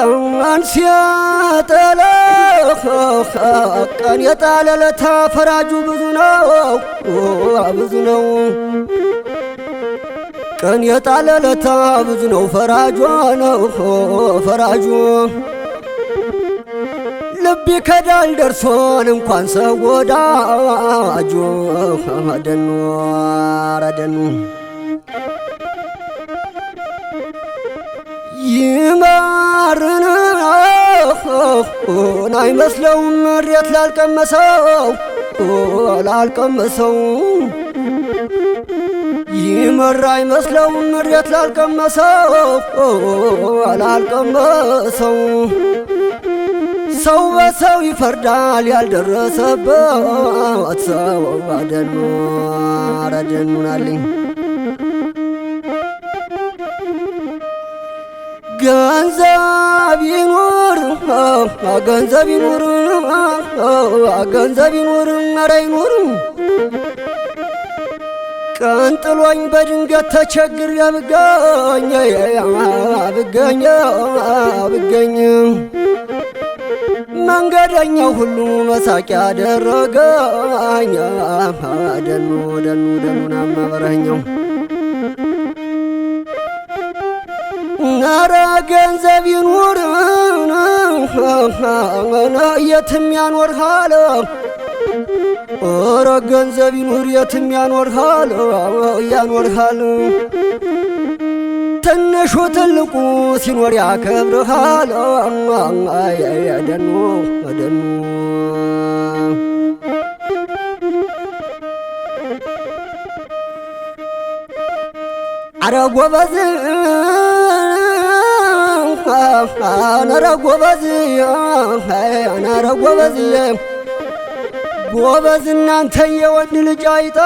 ቀን ሲያጠላ ቀን የጣለለታ ፈራጁ ብዙ ነው ብዙ ነው ቀን የጣለለታ ብዙ ነው ፈራጇ ነው ፈራጁ ልብ ይከዳል ደርሶን እንኳን ሰው ወዳጁ አደኑ አረደኑ ይመርን ሆን አይመስለውም መሬት ላልቀመሰው ላልቀመሰው ይመራ አይመስለውም መሬት ላልቀመሰው ላልቀመሰው ሰው በሰው ይፈርዳል ያልደረሰበት ሰው አደኑ ረደኑናልኝ ገንዘብ ይኑር ገንዘብ ይኑር ገንዘብ ይኑር ኧረ ይኑር። ቀን ጥሎኝ በድንገት ተቸግር ያብገኝ ብገኝ ብገኝ መንገደኛ ሁሉ መሳቂያ አደረገኝ ደኑ ደኑ ደኑን አማበረኛው ኧረ ገንዘብ ይኑር የትም ያኖርሃል፣ ኧረ ገንዘብ ይኑር የትም ያኖርሃል ያኖርሃል። ትንሹ ትልቁ ሲኖር ያከብርሃል። ደኑ ደኑ አረ ጎበዝ አነረ ጎበዝዬ ጎበዝ የወንድ ልጅ አይጣ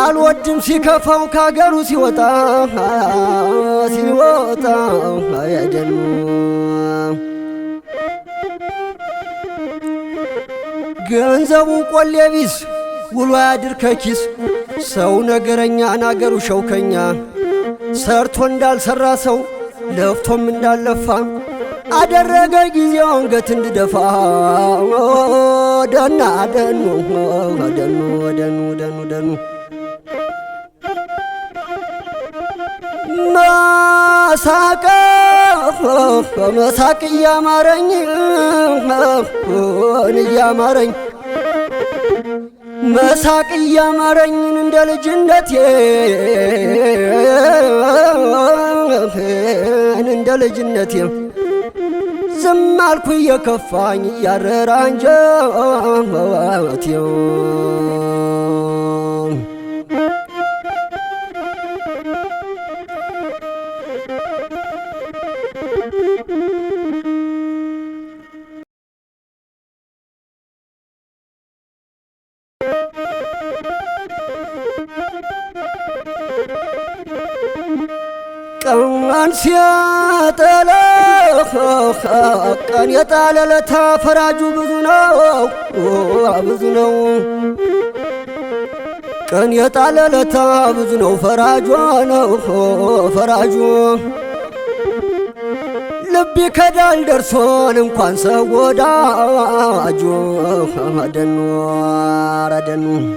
አልወድም ሲከፋው ካገሩ ሲወጣ ሲወጣ ያደኑ ገንዘቡ ቆሌ ቢስ ውሎ ያድር ከኪስ ሰው ነገረኛ ናገሩ ሸውከኛ ሰርቶ እንዳልሰራ ሰው ለፍቶም እንዳልለፋ አደረገ ጊዜው አንገት እንድደፋ ደና ደኑ ደኑ ደኑ ደኑ ደኑ መሳቅ መሳቅ እያማረኝ እያማረኝ መሳቅ እያማረኝን እንደ ልጅነቴ እንደ ልጅነቴ ዝም አልኩ እየከፋኝ እያረረ ቀኗን ሲያጠላ ቀን የጣለለታ ፈራጁ ብዙ ነው ብዙ ነው ቀን የጣለለታ ብዙ ነው ፈራጇ ነው ፈራጁ ልብ ይከዳል ደርሶን እንኳን ሰው ወዳጁ አደኑ አረደኑ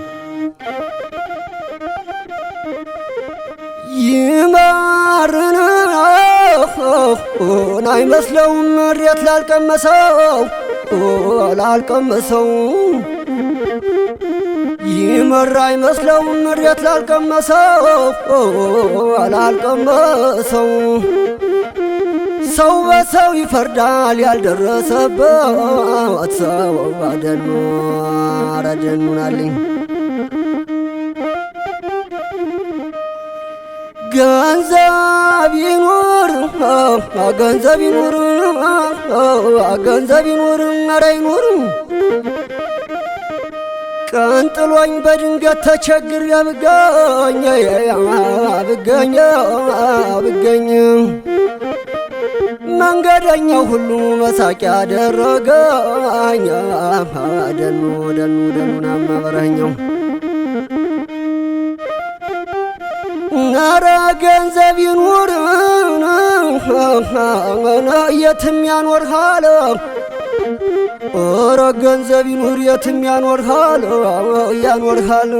ይማርነሆን አይመስለውም መሬት ላልቀመሰው ላልቀመሰው ይመራ አይመስለውም መሬት ላልቀመሰው ላልቀመሰው ሰው በሰው ይፈርዳል ያልደረሰበት ሰው አደኑ አረደኑናልኝ ገንዘብ ይኑር ገንዘብ ይኑር ገንዘብ ይኑር ኧረ ይኑር። ቀን ጥሎኝ በድንገት ተቸግር ያብገኝ ሁሉ መሳቂያ አደረገኝ ደኑ ደኑ ኧረ ገንዘብ ይኑር የትም ያኖርሃል፣ ኧረ ገንዘብ ይኑር የትም ያኖርሃል ያኖርሃል።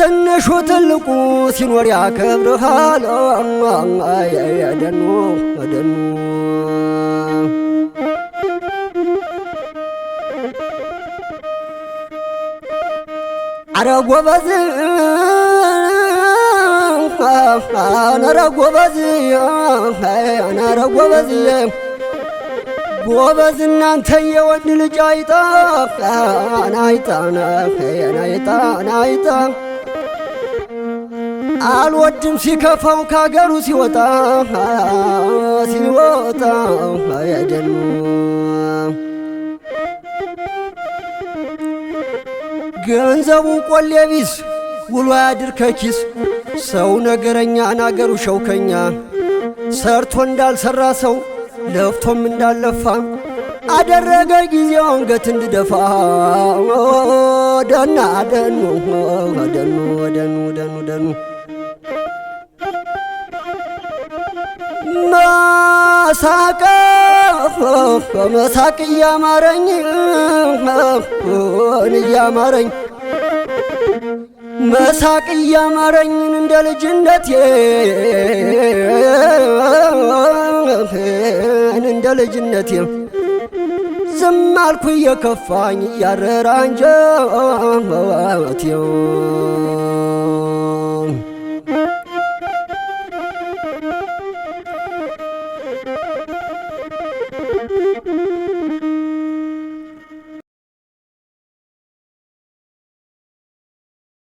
ትንሹ ትልቁ ሲኖር ያከብርሃል። ደኑ ደኑ አረ ጎበዝ ኧረ ጎበዝዬ ኧረ ጎበዝዬ ጎበዝ እናንተዬ ወንድ ልጅ አይጣፍ አይጣን አይጣን አይጣን አልወድም ሲከፋው ካገሩ ሲወጣ ሲወጣ አይደሉ ገንዘቡ ቆሌ ቢስ ውሎ ያድር ከኪስ ሰው ነገረኛ ናገሩ ሸውከኛ ሰርቶ እንዳልሰራ ሰው ለፍቶም እንዳልለፋ አደረገ ጊዜው አንገት እንድደፋ ደና ደኑ ደኑ ደኑ ደኑ ደኑ መሳቀ መሳቅ እያማረኝ እያማረኝ መሳቅ እያማረኝ እንደ ልጅነቴ እንደ ልጅነቴ ዝም አልኩ እየከፋኝ ያረራ አንጀቴው